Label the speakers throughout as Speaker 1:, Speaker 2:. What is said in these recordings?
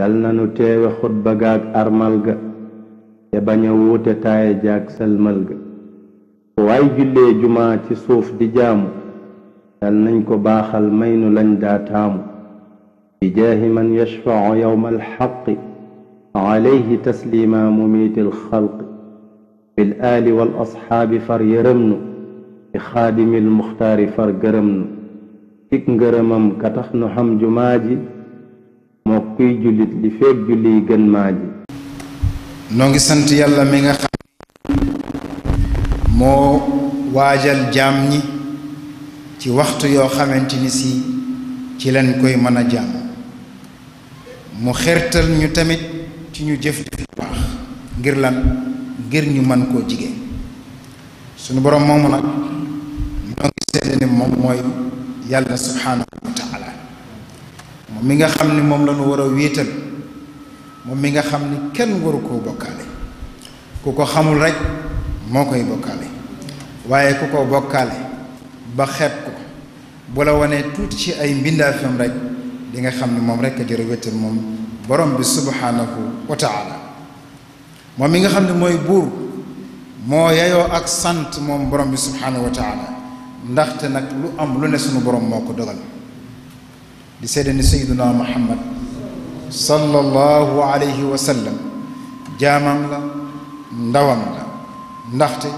Speaker 1: yal na nu teewe xutba ga ak armal ga te bañ a wuute taaye jaag salmal ga ku waay jullee jumaa ci suuf di jaamu yal nañ ko baaxal may nu lañ daa taamu bi jaahi man yashfau yowma alxaqi alayhi taslima mumiiti alxalqi bil aali wal asxaabi far yërëm nu bi xaadimi almuxtaari far gërëm nu cig ngërëmam katax nu xam jumaa ji moo kuy ngi sant yàlla mi nga xam
Speaker 2: moo waajal jaam ñi ci waxtu yoo xamante ni si ci leen koy mën a jaam mu xertal ñu tamit ci ñu jëf jëf bu baax ngir lan ngir ñu mën koo jigéen sunu boroom moomu nag noo ngi moom mooy yàlla subhaanahu moom mi nga xam ni moom la ñu war a wéetal moom mi nga xam ni kenn waru koo bokkaale ku ko xamul rek moo koy bokkaale waaye ku ko bokkaale ba xeeb ko bu la wanee tuuti ci ay mbindaafam rek di nga xam ni moom rek a jëra wéetal moom borom bi subhaanahu wa taala moom mi nga xam ne mooy buur moo yayoo ak sant moom borom bi subhaanahu wa taala ndaxte nag lu am lu ne sunu borom moo ko dogal لسيدنا سيدنا محمد صلى الله عليه وسلم جامم ندوام لا نختي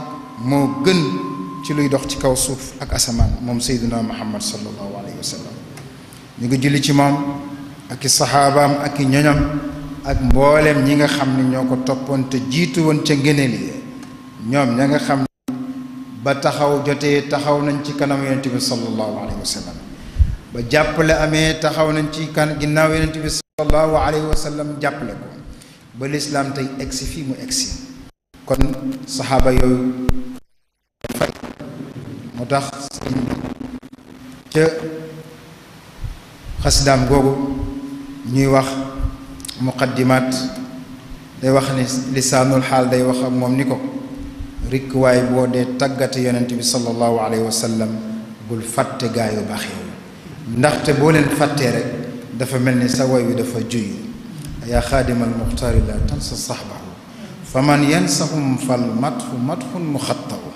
Speaker 2: مو گن تي لوي اك اسمان موم سيدنا محمد صلى الله عليه وسلم نيغي جولي تي اك صحابام اك نيونم اك مبولم نيغا خامني نيوكو توبون تي جيتو وون تي گينيلي نيوم نيغا خامني با تخاو جوتي تخاو الله عليه وسلم بجابل أمي تخاونا نتي كان جناوي نتي بس الله عليه وسلم جابل بالإسلام تي إكسي في مو إكسي كن صحابة يو مدخ ك خسدام غوغو ني واخ مقدمات day wax ni lisanul hal day wax ak mom niko rik way bo de tagati yonentibi sallallahu ndaxte boo leen fàttee rek dafa mel ni sa way wi dafa juyu yaa xaadimal muxtaari la tansa saxbahu fa man yansahum fal matxu matxun muxattawu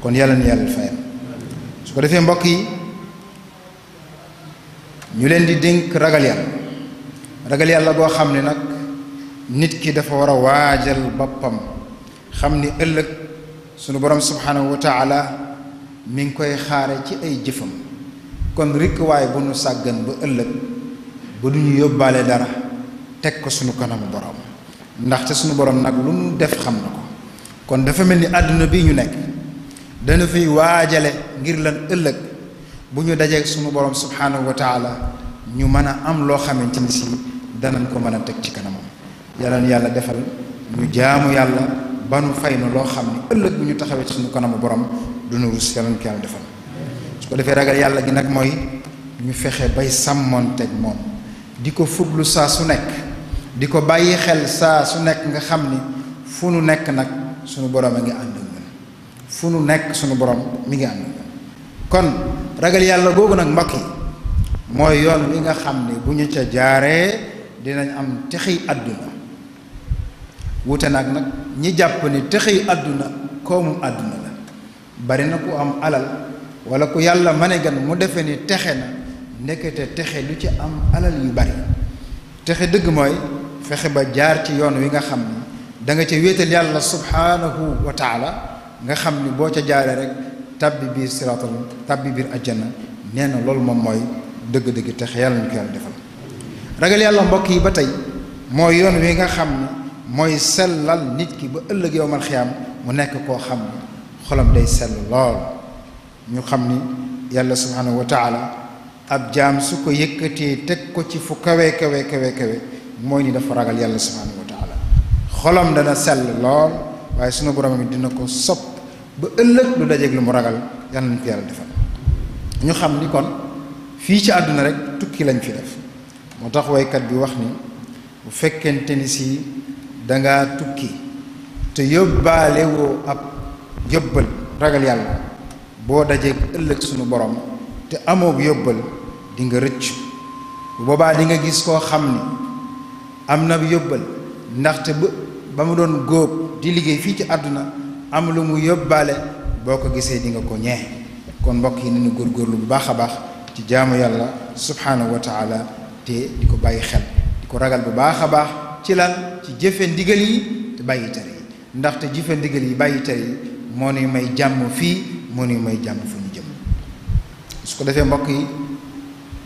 Speaker 2: kon yàlla na yàlla fayal su ko defee mbokk yi ñu leen di dénk ragal yàlla ragal yàlla goo xam ne nag nit ki dafa war a waajal boppam xam ni ëllëg sunu borom subhanahu wa taala mi ngi koy xaare ci ay jëfam kon rik way bu nu sàggan ba ëllëg bu ñu yobale dara tek ko sunu kanam borom ndax ci sunu borom nak lu nu def xam nako kon dafa melni aduna bi ñu nek dana fi wajale ngir lan ëllëg bu ñu dajee sunu borom subhanahu wa taala ñu mëna am lo xamanteni ci danañ ko mëna tek ci kanam yàlla na yàlla defal ñu jaamu yàlla banu fayna lo xamni loo bu ñu taxawé ci sunu kanam borom du nu rus yàlla na yàlla defal. su ko defee ragal yàlla gi nag mooy ñu fexe bay di ko fublu sa su di ko bàyyi xel sa su nekk nga xam funu nek nu nekk sunu borom nga ngi funu nek ñun sunu borom mi ngi kon ragal yàlla googu nag mbokk yi mooy yoon wi nga xam ne bu ñu ca jaaree dinañ am texi aduna wuute nag nag ñi jàpp ni texi àdduna koomum àdduna la bari na ku am alal wala ku yàlla mané gan mu defe ni texe na ndekete texe lu ci am alal yu bari texe dëgg moy fexe ba jaar ci yoon wi nga xam da nga ci wétal yàlla subhanahu wa taala nga xam ni boo ca jaaré rek tabbi bi siratul tabbi biir ajjana néna lool mom moy dëgg-dëgg texe yàlla ñu ko yàlla defal ragal yàlla mbokk yi ba tey mooy yoon wi nga xam moy selal nit ki ba ëllëg yow xiyam mu nekk koo xam xolam day sell lool ñu xam ni yàlla subhanahu wa taala ab jaam su ko yëkkatee teg ko ci fu kawe kawe kawe kawe mooy ni dafa ragal yàlla subhanahu wa taala xolam dana sell lool waaye sunu borom mi dina ko sopp ba ëllëg lu dajeeg lu mu ragal yàlla nañ ko yàlla defal ñu xam ni kon fii ci àdduna rek tukki lañ fi def moo tax woykat bi wax ni bu fekkente ni si danga tukki te yóbbaale woo ab yóbbal ragal yàlla boo dajee ëllëg sunu borom te amoog yóbbal dinga rëcc bu boobaa di nga gis koo xam ni am na yóbbal ndaxte ba ba mu doon góob di liggéey fii ci àdduna am lu mu yóbbaale boo ko gisee di nga ko ñee kon mbokk yi góor góorgóorlu bu baax a baax ci jaamu yàlla subhaanahu wa taala te di ko bàyyi xel ko ragal bu baax a baax ci lan ci jëfe ndigal yi bàyyi tere yi ndaxte jëfe ndigal yi bàyyi tere yi moo ne may jàmm fii moo ñu may jàmm fu ñu jëm su ko defee mbokk yi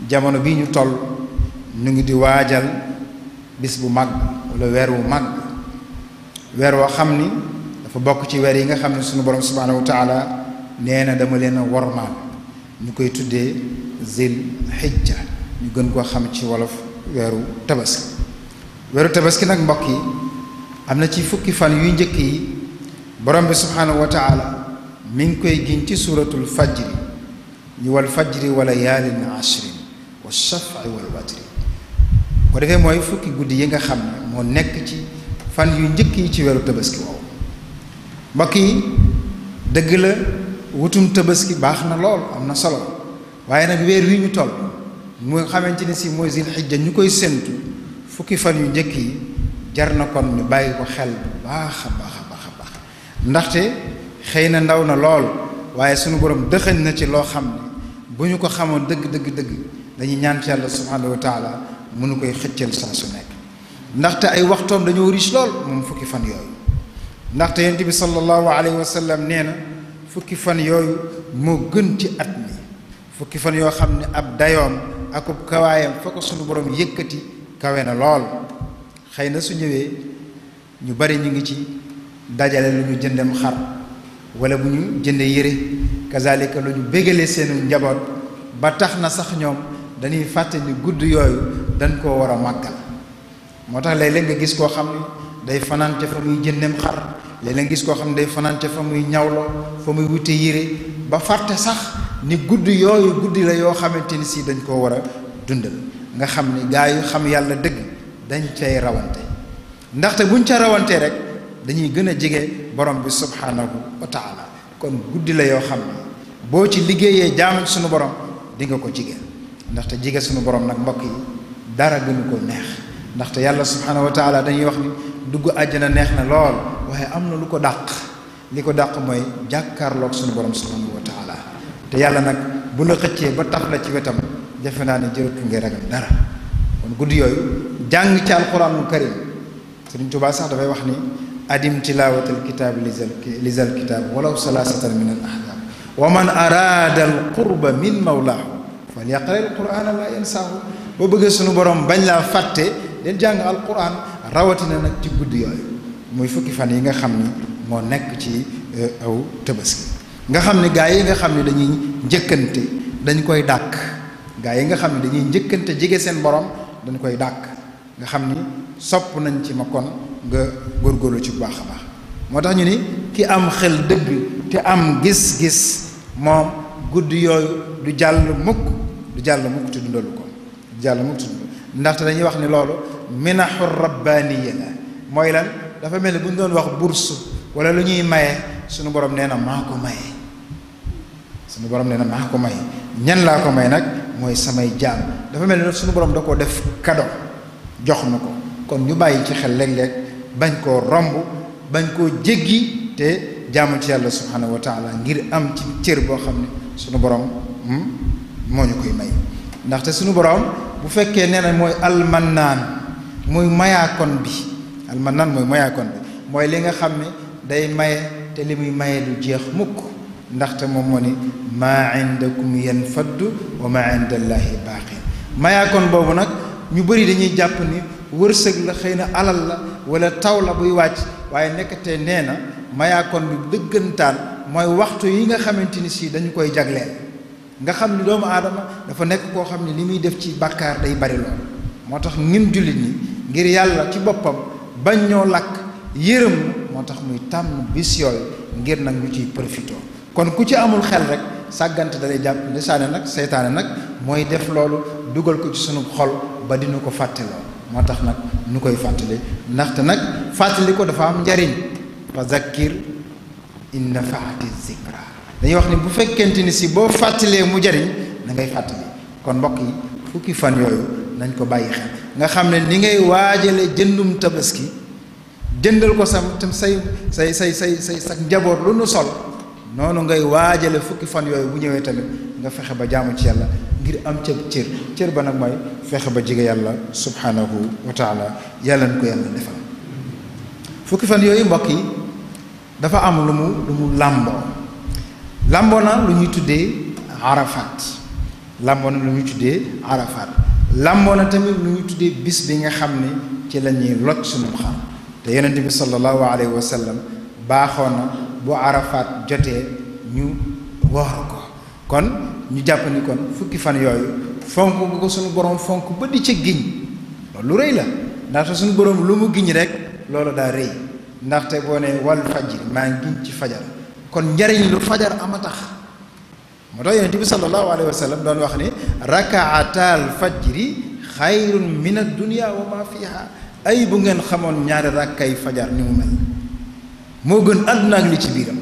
Speaker 2: jamono bii ñu toll ñu ngi di waajal bis bu mag wala weer wu mag weer woo xam ni dafa bokk ci weer yi nga xam ne sunu borom subhaanahu wa taala nee na dama leen a wormaal ñu koy tuddee zil xijja ñu gën koo xam ci wolof weeru tabaski weeru tabaski nag mbokk yi am na ci fukki fan yu njëkk yi borom bi subhaanahu wa mi ngi koy giñ ci suuratul fajri ñu wal fajri wala yaalin ashrin wa shafi wal watri bu ko defee mooy fukki guddi yi nga xam ne moo nekk ci fan yu njëkk yi ci weeru tabaski wow mbokk yi dëgg la wutum tabaski baax na lool am na solo waaye nag weer wi ñu toll mu nga xamante ne si mooy zil xijja ñu koy séntu fukki fan yu njëkk yi jar na kon ñu bàyyi ko xel bu baax a baax a baax a baax ndaxte xeyna na ndaw na lool waaye sunu borom dëxëñ na ci lo xam buñu ko xamone deug deug deug dañuy ñaan ci yàlla subhanahu wa taala mënu koy xeccel sa su nekk ndaxte ay waxtom dañoo riche lool mom fukki fan yoy ndaxte yonent bi sallallahu alayhi wa sallam neena fukki fan yoy mo gën ci at mi fukki fan yo xamni ab dayoom akub kawaayam fa ko sunu borom yëkkati kawena na lool xëy su ñewé ñu bari ñi ngi ci dajale lu ñu jëndem xar wala bu ñu jëndee yére kazalika lu ñu bégalee seenu njaboot ba tax na sax ñoom dañuy fàtte ni gudd yooyu dañ koo war a màggal moo tax léeg-léeg nga gis koo xam ne day fanaante fa muy jëndeem xar léeg-léeg nga gis koo xam ne day fanaante fa muy ñawlo fa muy wute yére ba fàtte sax ni gudd yooyu guddi la yoo xamante ni si dañ koo war a dundal nga xam ni gaa yu xam yàlla dëgg dañ cay rawante ndaxte buñ ca rawantee rek dañuy gën a jege borom bi subhanahu wa taala kon guddi la yoo xam ne boo ci liggéeyee jaamu suñu borom di ko jige ndaxte jige suñu borom nag mbokk yi dara gënu ko neex ndaxte yàlla subhanahu wa taala dañuy wax ni dugg na neex na lool waaye am na lu ko dàq li ko dàq mooy jàkkaarloog suñu borom subhanahu wa te yàlla nag bu la xëccee ba tax la ci wetam jafe naa ne jërëtu ngay ragal dara kon guddi yooyu jàng ci alquranul karim Sëriñ wax ni adim tilaawatal kitaab lizal kitaab walaw salaasatan min al ahdaab wa man araada al qurba min mawlaahu fal yaqra al quraan la yansaahu boo bëggee sunu borom bañ laa fàtte del jàng al quraan rawatina nag ci guddi yooyu muy fukki fan yi nga xam ni moo nekk ci aw tabaski nga xam ni gaa yi nga xam ne dañuy njëkkante dañu koy dàkk gaa yi nga xam ne dañuy njëkkante jege seen borom dañu koy dàkk nga xam ni sopp nañ ci ma kon nga góorgóorlu ci bu baax a baax moo tax ñu ni ki am xel dëgg te am gis-gis moom guddi yooyu du jàll mukk du jàll mukk te dundalu ko du jàll mukk te dundalu ndaxte dañuy wax ni loolu minaxu rabbaaniya la mooy lan dafa mel ni bu ñu doon wax bourse wala lu ñuy maye sunu borom nee na maa ko maye sunu borom nee na maa ko maye ñan laa ko may nag mooy samay jaam dafa mel ni sunu borom da koo def kado jox na ko kon ñu bàyyi ci xel léeg-léeg bañ koo romb bañ koo jéggi te jaamu ci yàlla subhanahu wa taala ngir am ci cër boo xam ne sunu borom moo ñu koy may ndaxte sunu borom bu fekkee nee na mooy almannaan mooy mayaakon bi almannaan mooy mayaakon bi mooy li nga xam ne day maye te li muy maye du jeex mukk ndaxte moom moo ni maa indakum yanfaddu wa maa indallahi baaqi mayaakon boobu nag ñu bëri dañuy jàpp ni wërsëg la xëy na alal la wala taw la buy wàcc waaye nekkatee nee na mayaakoon bi dëggantaan mooy waxtu yi nga xamante ni si dañu koy jagleel nga xam ni doomu aadama dafa nekk koo xam ne li muy def ci bàkkaar day bari lool moo tax ngin jullit ñi ngir yàlla ci boppam bañ ñoo lakk yërëm moo tax muy tàmm bis yooyu ngir nag ñu ciy profité kon ku ci amul xel rek sàggante dalay jàpp ndesaane nag seytaane nag mooy def loolu dugal ko ci sunu xol ba dina ko fàtte lool moo tax nag nu koy fàttali ndaxte nag fàttali ko dafa am njariñ fa zakkir in nafaati zikra wax ni bu fekkente ni si boo fàttalee mu jariñ da ngay fàttali kon mbokk yi fukki fan yooyu nañ ko bàyyi xel nga xam ne ni ngay waajale jëndum tabaski jëndal ko sa tam say say say say say sa njaboot lu nu sol noonu ngay waajale fukki fan yooyu bu ñëwee tamit nga fexe ba jaamu ci yàlla ngir am cëb cër cër ba nag mooy fexe ba jege yàlla subhanahu wa taala yàlla na ko yàlla defal fukki fan yooyu mbokk yi dafa am lu mu lu mu làmboo làmboo na lu ñuy tuddee arafat lambo na lu ñuy tuddee arafat lambo na tamit lu ñuy tuddee bis bi nga xam ne ci la lot sunu xar te yonent sallallahu alayhi wa sallam baaxoo bu arafat jotee ñu woor ko kon ñu jàpp ni kon fukki fan yooyu fonk nga ko suñu borom fonk ba di ca giñ loolu lu rëy la ndaxte suñu borom lu mu giñ rek loolu daa rëy ndaxte boo ne wal fajr maa ngi giñ ci fajar kon njariñ lu fajar a tax moo tax yonent bi sallallahu alayhi wa sallam doon wax ne rakaataal fajri xayrun min ad ay bu ngeen xamoon ñaari rakkay fajar ni mu mel moo gën àdduna ak li ci biiram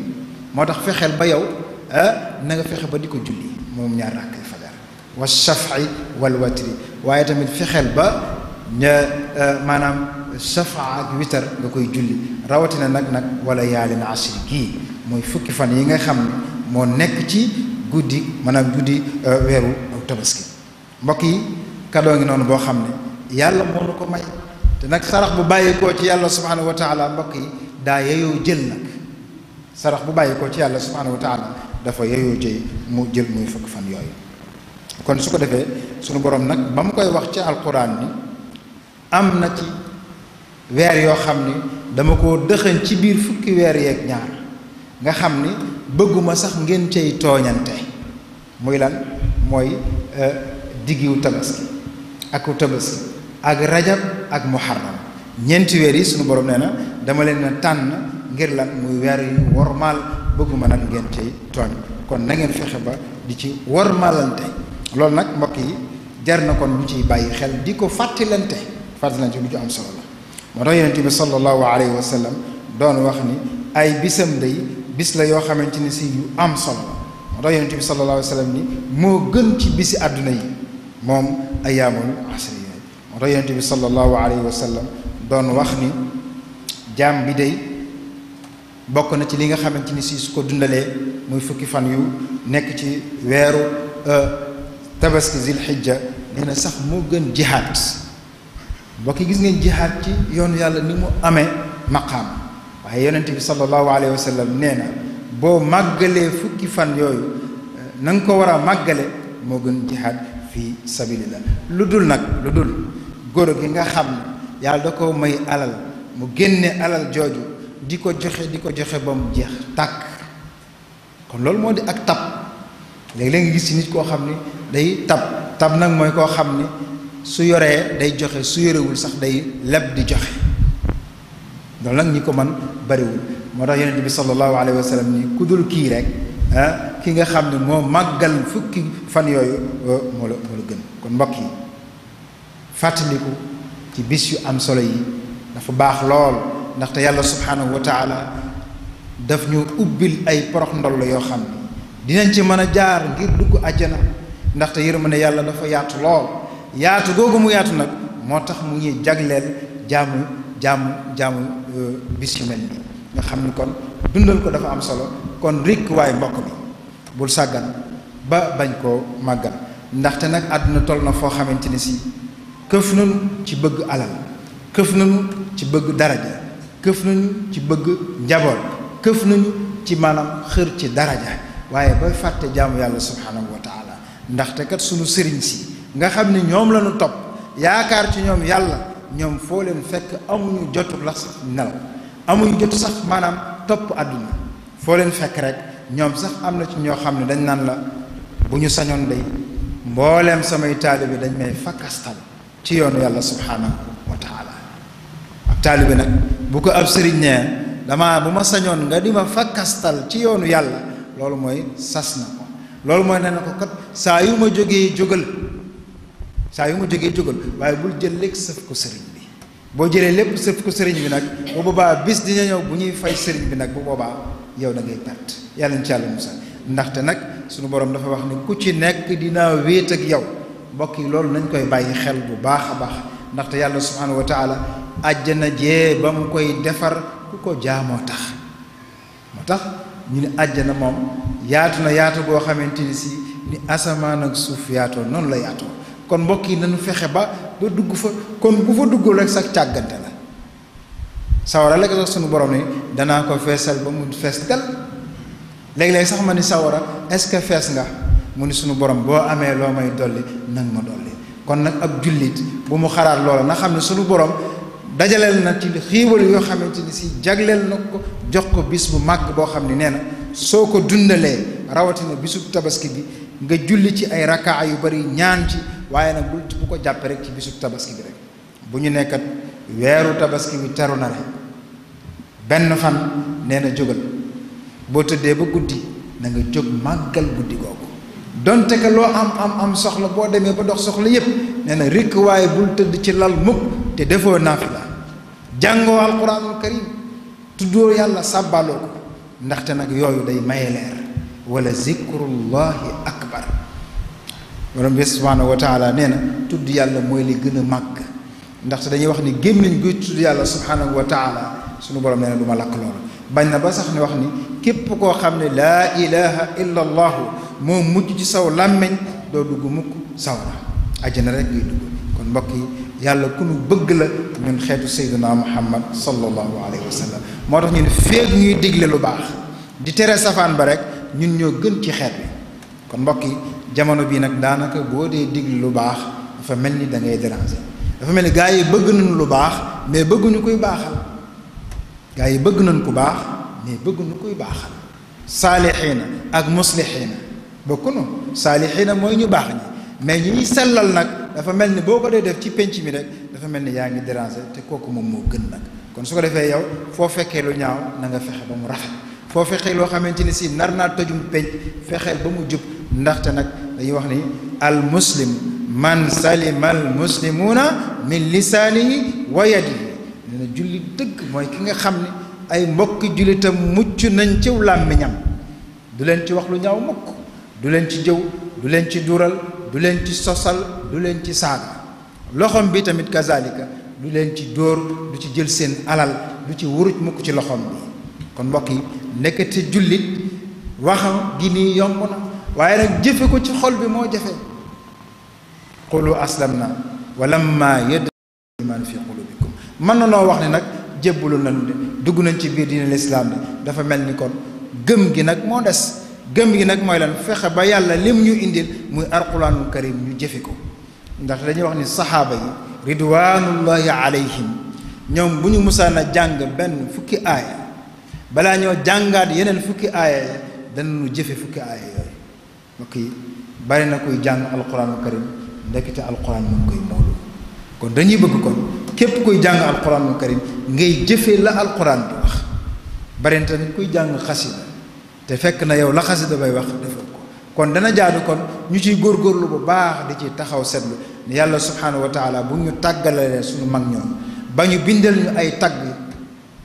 Speaker 2: moo tax fexeel ba yow ah, na fexe ba di ko julli moom ñaari rakkay والشفع والوتر وايه تامل في خيل با مانام شفع اك وتر داكاي جولي رواتنا نك نك ولا يال العصر كي موي فكي فان ييغا خام مو نيك تي غودي مانام غودي ويرو او تابسكي مباكي كادوغي نون بو خام ني يالا مو نكو ماي تي نك سارخ بو بايي كو سبحانه وتعالى مباكي دا ييو جيل نك سارخ بو بايي كو سبحانه وتعالى دا يو جي مو جيل موي فك فان يوي kon su ko defee sunu borom nag ba mu koy wax ci alquran bi am na ci weer yoo xam ni dama ko dëxëñ ci biir fukki weer yeeg ñaar nga xam ni bëgguma sax ngeen cay tooñante muy lan mooy euh, diggiwu tabaski aku tabaski ak rajab ak muharram ñeenti weer yi suñu borom nee na dama leen tànn ngir lan muy weer yu wormaal bëgguma nag ngeen cay tooñ kon nangeen ngeen fexe ba di ci wormaalante loolu nak mbokk yi jar na kon lu ci bàyyi xel diko ko fàttalante lu ci am solo la moo tax yonent bi sallallahu alayhi wa sallam don wax ni ay bisam day bis la yo xamanteni ni si yu am solo mo do yenen tibbi sallallahu alayhi wa sallam ni mo gën ci bisi aduna yi mom ayyamul asr yooyu moo tax yonent sallallahu alayhi wa sallam don wax ni jam bi day bokk na ci li nga xamanteni si su ko dundale muy fukki fan yu nek ci weeru تبسك ذي الحجة من سخ موجن جهاد باقي جزء من كي يون يال نمو أمة مقام وهي يون النبي صلى الله عليه وسلم نينا بو مغلة فكي فان يو ننكورا مغلة موجن جهاد في سبيل الله لدول نك لدول غورو كينغا خام يال دكو مي علل موجن علل جوجو ديكو جخ ديكو جخ بام جخ تاك كن لول مودي أكتب لكن لكن لكن لكن day tab tab nag mooy koo xam ni su yoree day joxe su yorewul sax day leb di joxe loolu nag ñi ko man bariwul moo tax yonent bi sallallahu alayhi wa sallam ni ku dul kii rek ah, ki nga xam ne moo màggal fukki fan yooyu ah, moo la moo la gën kon mbokk yi fàttaliku ci bis yu am solo yi dafa baax lool ndaxte yàlla subhaanahu wa taala daf ñu ubbil ay porox ndoll yoo xam ne dinañ ci mën a jaar ngir dugg àjjana ndaxte ma yërmande yàlla dafa yaatu lool yaatu googu mu yaatu nag moo tax mu ngi jagleel jaamu jaamu jaamu euh, bis yu mel nii nga xam ni kon dundal ko dafa am solo kon rikk waaye mbokk bi bul sàggan ba bañ koo màggal ndaxte nag àdduna toll na foo xamante ne si këf nañu ci bëgg alal këf nañu ci bëgg daraja këf nañu ci bëgg njaboot këf nañu ci maanaam xër ci daraja waaye ba fàtte jaamu yàlla subhaanahu wa taala ndaxte kat suñu sëriñ si nga xam ni ñoom lañu topp yaakaar ci ñoom yàlla ñoom foo leen fekk amuñu jotu la sax nelaw amuñu jotu sax maanaam topp àdduna foo leen fekk rek ñoom sax am na ci ñoo xam ne dañ naan la bu ñu sañoon day mbooleem samay taalibe dañ may fakkastal ci yoonu yàlla subhaanahu wa taala nag bu ko ab sëriñ nee dama bu ma sañoon nga di ma fakkastal ci yoonu yàlla loolu mooy sas na loolu mooy nee ko kat saa yu ma jógee jógal saa yu ma jógee jógal waaye bul jël léeg sëf ko sëriñ bi boo jëlee lépp sëf ko sëriñ bi nag bu boobaa bis dina ñëw bu ñuy fay sëriñ bi nag bu boobaa yow da ngay yàlla na ci yàlla musal ndaxte nag sunu borom dafa wax ni ku ci nekk dinaa wéet ak yow mbokk yi loolu nañ koy bàyyi xel bu baax a baax ndaxte yàlla subhaanahu wa taala àjjana jee ba mu koy defar ku ko jaamoo tax moo tax ñu ne àjjana moom yaatu na yaatu go xamanteni si ni asaman ak suuf yaato non la yaato kon mbokki nañu fexe ba ba dugg fa kon bu fa duggul rek sax càggante la sawara la sax sunu borom ni dana ko fessel ba mu fessel leg leg sax mani sawara est-ce que fess nga mu ni sunu borom bo amé lo may doli nang ma doli kon nak ab julit bu mu xalaat lolo na xamni sunu borom dajalel na ci xiwul yo xamanteni si jaglel nako jox ko bis bu mag bo xamni ne soo ko dundalee rawatina bisub tabaski bi nga julli ci ay rakaa yu bari ñaan ci waaye nag bul bu ko jàppe ci bisub tabaski bi rek bu ñu nekkat weeru tabaski bi teru na la benn fan nee na jógal boo tëddee ba guddi na nga jóg màggal guddi kooku donte que loo am am am soxla boo demee ba dox soxla yépp nee na rikk waaye bul tëdd ci lal mukk te defoo naafila jàngoo alquranul karim tuddoo yàlla sàbbaaloo ko ndaxte nag yooyu day maye leer wala zikrullahi akbar borom bi subhanahu wa taala nee na tudd yàlla mooy li gën a màgg ndaxte dañuy wax ni gémmiñ guy tudd yàlla subhanahu wa taala sunu borom nee na du ma lakk loolu bañ na ba sax ni wax ni képp koo xam ne laa ilaha illa allahu moo mujj ci saw làmmeñ doo dugg mukk saw na ajjana rek ngay dugg kon mbokk yi يالا كونو بغ لا من خيتو سيدنا محمد صلى الله عليه وسلم موتاخ ني فيغ ني ديغلي لو باخ دي تيري سافان با رك نين ньо گن تي خيت بي كون مبكي جامانو بي نك دانكا بودي ديغلي لو باخ فا ملني دا ngay déranger فا ملني غاي بغ نون لو باخ مي بغ نون كوي باخال غاي بغ نون كو باخ مي بغ نون كوي باخال صالحين اك مصلحين بكونو صالحين موي ني باخ ني مي ني سلال نك dafa mel ni boo ko dee def ci penc mi rek dafa mel ni yaa ngi déranger te kooku moom moo gën nag kon su ko defee yow foo fekkee lu ñaaw nanga nga fexe ba mu rafet foo fekkee loo xamante ni si nar naa tojum penc fexeel ba mu jub ndaxte nag dañuy wax ni al muslim man salima al muslimuuna min lisaanihi wa yadihi nee na julli dëgg mooy ki nga xam ne ay mbokki jullitam mucc nañ ciw làmmiñam du leen ci wax lu ñaaw mukk du leen ci jëw du leen ci duural du leen ci sosal du leen ci saaga loxoom bi tamit kazalika du leen ci dóor du ci jël seen alal du ci wuruj mukk ci loxoom bi kon mbokk yi nekkati jullit waxa gi nii yomb na waaye nag jëfe ko ci xol bi moo jafe qulu aslamna wa lamma yadxul iman fi qulubikum mën na noo wax ne nag jébbalu nañu de dugg nañ ci biir diine lislaam de dafa mel ni kon gëm gi nag moo des gëm gi nag mooy lan fexe ba yàlla lim ñu indil muy alquraanul karim ñu jëfe ko ndax dañuy wax ni saxaaba yi ridwanullahi alayhim ñoom bu ñu musaan a jàng benn fukki aaya balaa ñoo jàngaat yeneen fukki aaya danañu jëfe fukki aaya yooyu mbokk bari na kuy jàng alquraanul karim ndekete alquraan moom koy moolu kon dañuy bëgg kon képp kuy jàng alquraanul karim ngay jëfe la alquraan bi wax bari na kuy jàng xasida te fekk na yow la xasida bay wax defoo ko kon dana jaadu kon ñu ciy góor góorlu bu baax di ci taxaw seetlu yàlla subhaanahu wa taala bu ñu tàggalalee suñu mag ñoom ba ñu bindal ay tagg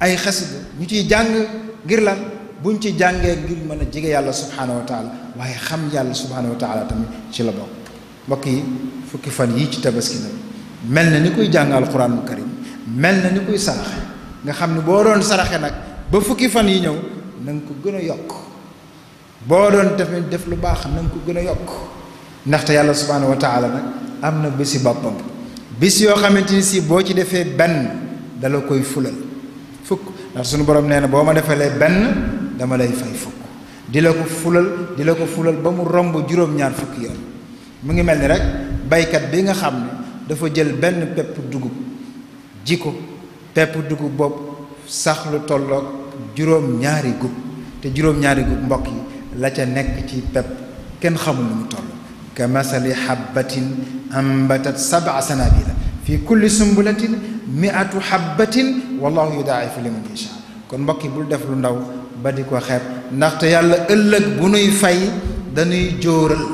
Speaker 2: ay xasida ñu ciy jàng ngir lan buñ ci jàngee ngir mën a jege yàlla subhaanahu wa waaye xam yàlla subhaanahu wa tamit ci la bokk mbokk yi fukki fan yi ci tabaski la mel na ni kuy jàng alquraanul karim mel na ni kuy saraxe nga xam ne boo doon saraxe nag ba fukki fan yi ñëw na ko gën a yokk bo doon def def lu bax nang ko gëna yok yokk ta yalla subhanahu wa taala nak amna na bopam bis yo xamanteni si bo ci ben da la koy fulal fuk ndax sunu borom neena na defale ben dama lay fay fuk di la ko fulal di la ko fulal ba mu rombu juróom-ñaar fuk yoon mu ngi melni rek baykat bi nga xamne dafa jël ben pep dugub jiko pep dugub sax lu tollok ñaari gub te jurom ñaari gub mbokk la ca nekk ci pepp kenn xamul nu mu toll ka masali xabbatin ambatat sab'a sanabila fi kulli sumbulatin miatu xabbatin wallahu yudaa'ifu liman yasha kon mbokk yi bul def lu ndaw ba di ko xeeb ndaxte yàlla ëllëg bu nuy fay dañuy jóoral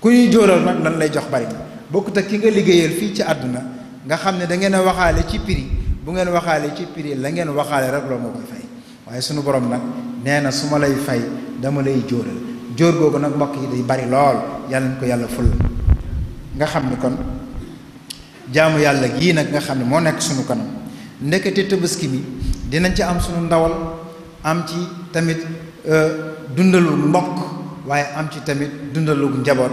Speaker 2: ku ñuy jóoral nag lan lay jox bari na bokkut ak ki nga liggéeyal fii ci àdduna nga xam ne da ngeen a waxaale ci prix bu ngeen waxaale ci prix la ngeen waxaale rek loolu moo koy fay waaye sunu borom nag nee na su ma lay fay dama lay jóoral jóor googu nag mbokk yi day bari lool yàlla ko yàlla ful nga xam ne kon jaamu yàlla gii nag nga xam ne moo nekk sunu kanam ndekete tabaski bi dinañ ci am sunu ndawal am ci tamit euh, dundalu mbokk waaye am ci tamit dundalu njaboot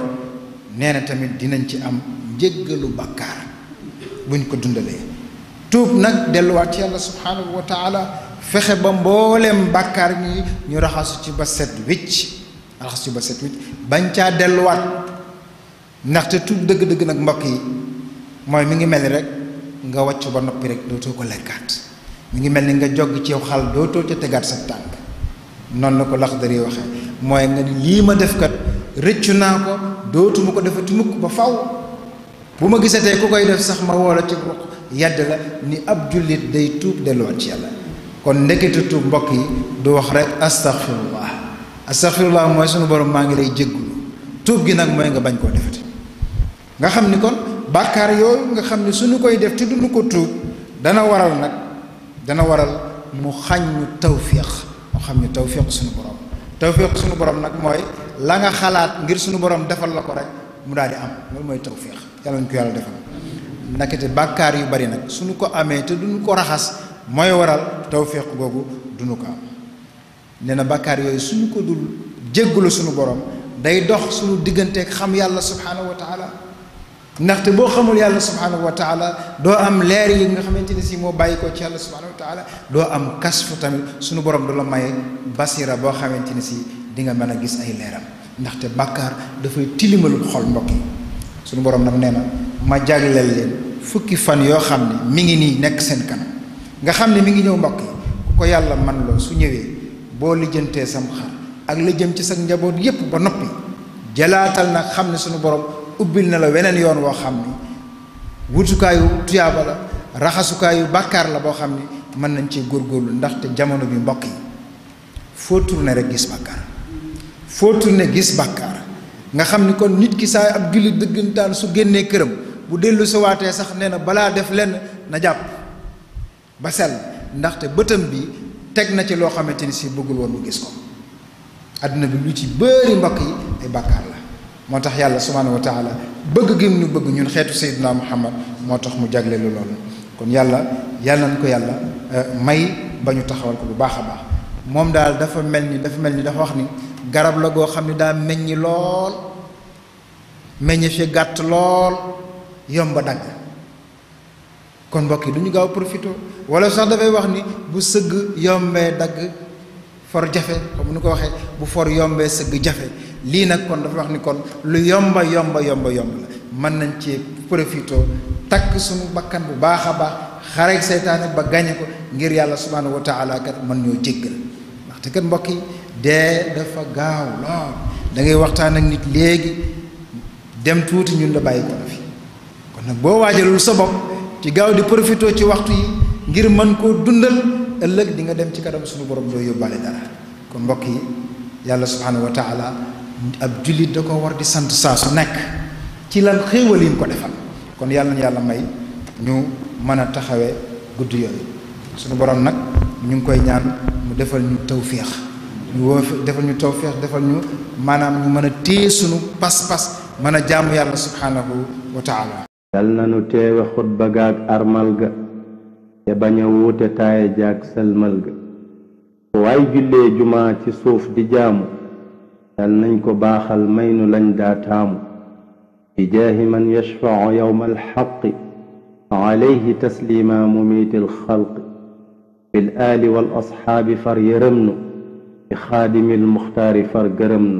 Speaker 2: nee na tamit dinañ ci am njéggalu bàkkaar buñ ko dundalee tuub nag delluwaat yàlla subhanahu wa fexe ba mbooleem bàkkaar yi ñu raxasu ci ba set wicc raxasu ci ba set bañ caa delluwaat ndaxte tuub dëgg-dëgg nag mbokk yi mooy mi ngi mel ni rek nga wàcc ba noppi rek dootoo ko lekkaat mu ngi mel ni nga jog ci xal dootoo ca tegaat sa tànk noonu la ko Laxdari waxee mooy nga ni lii ma def kat rëccu naa ko dootuma ko defati mukk ba faw bu ma gisatee ku koy def sax ma woola ci ruq yàdd la ni ab jullit day tuub delluwaat ci yàlla kon ndekitu tuub mbokki yi du wax rek astaghfirullah astaghfirullah moy sunu borom ma ngi lay jéggulu tuub gi nak moy nga bañ ko defati nga xamni kon bàkkaar yooyu nga xamni sunu koy def ci duñu ko tuub dana waral nak dana waral mu xagnu tawfiq mu xamni tawfiq sunu borom tawfiq sunu borom nag moy la nga xalaat ngir sunu borom defal lako rek mu daal am lol moy tawfiq yalla nko yalla defal nakete bàkkaar yu bari nak sunu ko amé te duñ ko raxas moy waral tawfiq gogou dunu ko am nee na bàkkaar suñu ko dul djeglu suñu borom day dox suñu digeunte ak xam yàlla subhanahu wa taala ndaxte bo xamul yàlla subhanahu wa taala do am leer yi nga xamanteni si mo bayiko ci yàlla subhanahu wa taala do am kasfu tamit suñu borom du la maye basira bo xamanteni si di nga meuna gis ay leeram bakkar da fay tilimal xol mbokk suñu borom nak neena ma jaglel len fukki fan yo xamni ne mi ngi nii nekk seen kanam nga xam ne mi ngi ñëw mbokk yi ku ko yàlla man loo su ñëwee boo lijjantee sam xar ak la jëm ci sag njaboot yépp ba noppi jalaatal nag xam ne suñu borom ubbil na la weneen yoon woo xam ni wutukaayu tuyaaba la raxasukaayu bàkkaar la boo xam ni mën nañ ci góorgóorlu ndaxte jamono bi mbokk yi foo tourné rek gis bàkkaar foo tourné gis bàkkaar nga xam ni kon nit ki saa ab jullit dëggantaan su génnee këram bu dellu si waatee sax nee na balaa def lenn na jàpp ba sell ndaxte bëtam bi teg na ci loo xamante ni si bëggul woon mu gis ko àddina bi lu ci bëri mbokk yi ay bàkkaar la moo tax yàlla subhaanahu wa taala bëgg gi ñu bëgg ñun xeetu sayyidina muhammad moo tax mu jagle lu loolu kon yàlla yàlla nañ ko yàlla euh, may ba ñu taxawal ko bu baax a baax moom daal dafa mel ni dafa mel ni dafa wax ni garab la goo xam ne daa meññi lool meññe fi gàtt lool yomb dagg kon mbokk yi du ñu gaaw profito wala sax dafay wax ni bu sëgg yombee dagg for jafe comme nu ko waxee bu for yombee sëgg jafe lii nag kon dafa wax ni kon lu yomba yomba yomba yomb la mën nañ ci profito takk suñu bakkan bu baax a baax xareeg seytaane ba gañe ko ngir yàlla subhaanahu wa taala kat mën ñoo jéggal ndaxte kat mbokk yi dee dafa gaaw lool da ngay waxtaan ak nit léegi dem tuuti ñun la bàyyi ko la fi kon nag boo waajalul sa bopp ci gaaw di profito ci waxtu yi ngir man ko dundal ëlëk di nga dem ci kanam suñu borom do yobale dara kon mbokk yi yalla subhanahu wa taala ab julit da ko war di sante sa su nek ci lan xéewal yi ko defal kon yalla ñu yalla may ñu mëna taxawé guddu gudd suñu borom nak ñu ngi koy ñaan mu defal ñu tawféex ñu defal ñu tawféex defal ñu manam ñu mëna té suñu pas-pas mana a jaamu yàlla subhanahu wa taala
Speaker 1: يالنا نتيو خد بغاك أرملغ يبانيا ووت تاي جاك سلملغ واي جلي جمع تي صوف دي جامو يالنا نكو باخل مينو لن داتامو إجاه من يشفع يوم الحق عليه تسليما مميت الخلق بالآل والأصحاب فريرمن بخادم المختار فرقرمن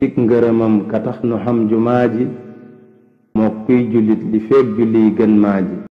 Speaker 1: تكنغرمم كتخن حمج ماجي moo kuy jullit li feeg julli yi gën maa ji